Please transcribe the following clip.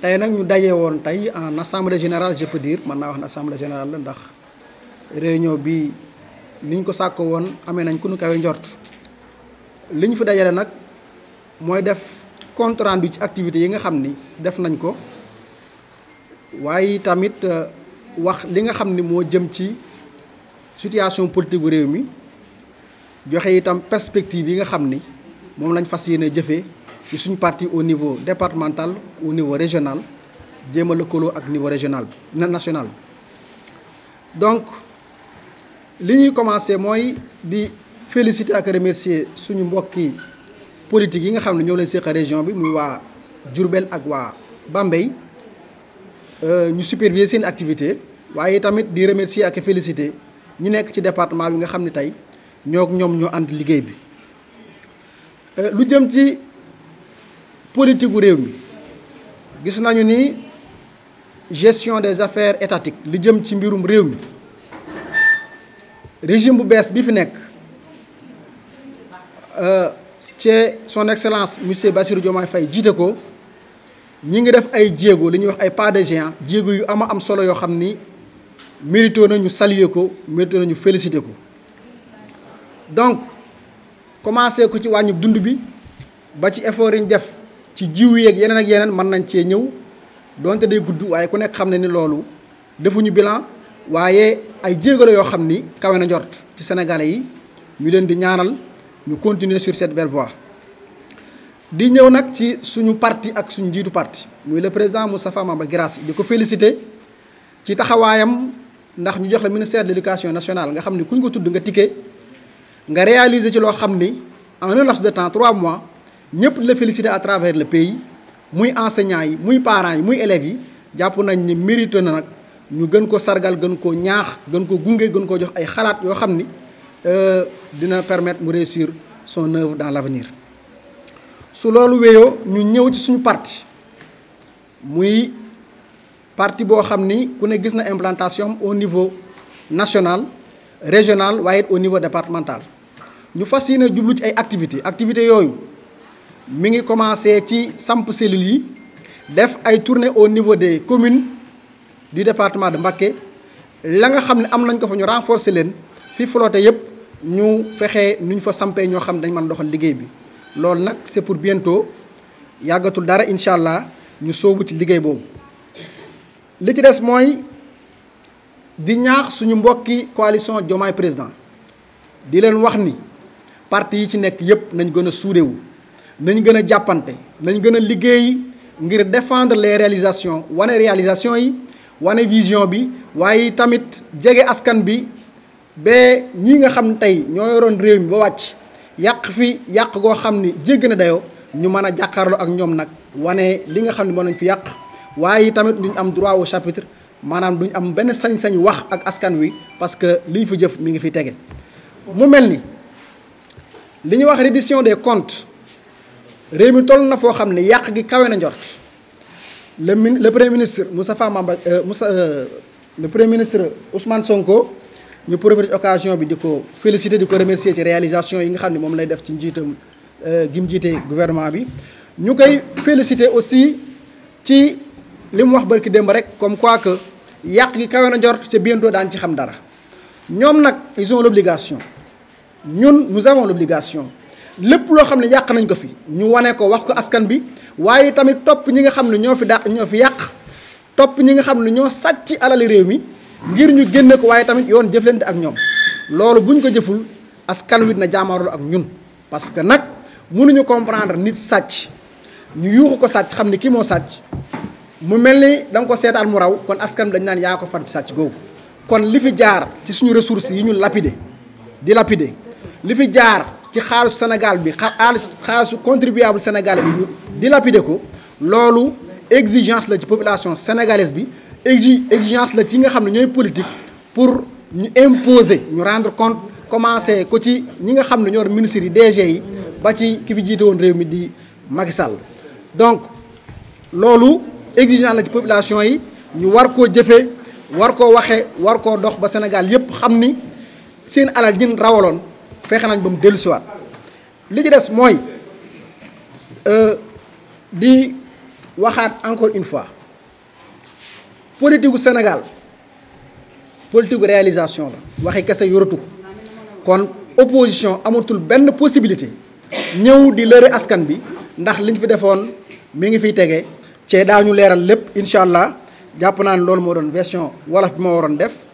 tey nag ñu daje woon tey en assemblée générale je peux dire mën naa wax ne assemblée générale la ndax réunion bi niñ ko sàkko woon amee nañ ku nu kawe njort li ñu fi dajale nag mooy def compte rendu ci activités yi nga xam ni def nañ ko waaye tamit euh, wax li nga xam ni moo jëm ci situation politique réew mi joxe itam perspective yi nga xam ni moom lañ fas yéene jëfee ci suñu parti au niveau départemental au niveau régional jéem a lëkkaloo ak niveau régional bi national donc li ñuy commencé mooy di féliciter ak remercier suñu mbokki politique yi nga xam ne ñoo leen séqa région bi muy waa Diourbel ak waa Bambey euh, ñu superviser seen activité waaye tamit di remercier ak félicité ñu nekk ci département bi nga xam ne tey ñoo ñoom ñoo ànd liggéey bi euh, lu jëm ci politique gu réew mi gis nañu ni gestion des affaires étatiques li jëm ci mbirum réew mi régime bu bees bi fi nekk euh, ci son excellence monsieur Bassirou Diomaye fay jiite ko ñi ngi def ay jéego li ñuy wax ay pas de géant jéego yu ama am solo yoo xam ni mérito nañu saluer ko mérito nañu féliciter ko donc commencé ko ci wàññi dund bi ba ci effort yi def ci jiw yeeg yeneen ak yeneen mën nañ cee ñëw donte day gudd waaye ku nekk xam ne ni loolu defuñu bilan waaye ay jéego la yoo xam ni kawe na njort ci sénégalais yi ñu leen di ñaanal ñu continuer sur cette belle voie. di ñëw nag ci suñu parti ak suñu njiitu parti muy le président Moustapha Mamba Guirassy di ko féliciter ci taxawaayam ndax ñu jox la ministère de l'éducation nationale nga xam ni kuñ ko tudd nga ticket nga réaliser ci loo xam ni en un laps de temps trois mois. ñëpp la féliciter à travers le pays muy enseignants yi muy parent yi muy élèves yi jàpp nañ ni mérite na nag ñu gën ko sargal gën ko ñaax gën ko gunge gën ko jox ay xalaat yoo xam ni euh, dina permettre mu réussir son œuvre dans l'avenir su loolu wéyoo ñu ñëw ci suñu parti muy parti boo xam ni ku ne gis na implantation au niveau national régional waaye au niveau départemental ñu fas yéene jublu ci ay activités activités yooyu mi ngi commencé ci samp cellules yi def ay tournées au niveau des communes du département de Mbacké la nga xam ne am nañ ko fa ñu renforcer leen fi flotté yëpp ñu fexe nu ñu fa sampee ñoo xam dañ man doxal liggéey bi loolu nag c'est pour bientôt yàggatul dara incha allah ñu soobu ci liggéey boobu li ci des mooy di ñaax suñu mbokki coalition Diomaye président di leen wax ni parti yi ci nekk yëpp nañ gën a suudewu nañ gën a jàppante nañ gën a liggéey ngir defendre les réalisations wane réalisation yi wane vision bi waaye tamit jege askan bi ba ñii nga xam tey ñoo yoroon réew mi ba wàcc yàq fi yàq goo xam ni jégg na dayoo ñu mën a jàkkaarloo ak ñoom nag wane li nga xam ne mën nañ fi yàq waaye tamit duñ am droit au chapitre maanaam duñ am benn sañ-sañ wax ak askan wi parce que liñ fi jëf mi ngi fi tege mu mel ni li ñu wax reddition des comptes réew mi toll na foo xam ne yàq gi kawe na njort le min le premier ministre Moustapha Mamba euh, Moussa euh, le premier ministre Ousmane Sonko ñu profité occasion bi di ko féliciter di ko remercier ci réalisation yi nga xam ne moom lay def ci njiitam euh, gi mu jiite gouvernement bi ñu koy féliciter aussi ci li mu wax barki démb rek comme quoi que yàq gi kawe na njort te bientôt daan ci xam dara ñoom nag ils ont l'obligation ñun nous avons l'obligation lépp loo xam ne yàq nañ ko fi ñu wane ko wax ko askan bi waaye tamit topp ñi nga xam ne ñoo fi dàq ñoo fi yàq topp ñi nga xam ne ñoo sàcc alali réew mi ngir ñu génne ko waaye tamit yoon jëflante ak ñoom loolu buñ ko jëful askan wi na jaamarul ak ñun parce que nag mënuñu comprendre nit sàcc ñu yuuxu ko sàcc xam ne kii moo sàcc mu mel ni da nga ko seetaan mu raw kon askan bi dañ naan yaa ko far ci sàcc googu kon li fi jaar ci suñu ressources yi ñu lapidé di lapidé li fi jaar ci xaalisu Sénégal bi xaalis xaalisu contribuable sénégalais bi ñu dilapider ko loolu exigence la ci population sénégalaise bi exi exigence la ci nga xam ne ñooy politique pour ñu imposer ñu rendre compte commencé ko ci ñi nga xam ne ñoo ministres yi DG yi ba ci ki fi jiite woon réew mi di Macky Sall donc loolu exigence la ci population yi ñu war koo jëfe war koo waxee war koo dox ba Sénégal yépp xam ni seen alal jin rawaloon fexe nañ ba mu dellusiwaat li ci des mooy euh, di waxaat encore une fois politique gu Sénégal politique gu réalisation la waxi kese yoratu ko kon opposition amatul benn possibilité ñëw di lëre askan bi ndax liñ fi defoon mu ngi fiy tege cee daañu leeral lépp incha allah jàpp naa ne loolu moo doon version wolof bi ma waroon def.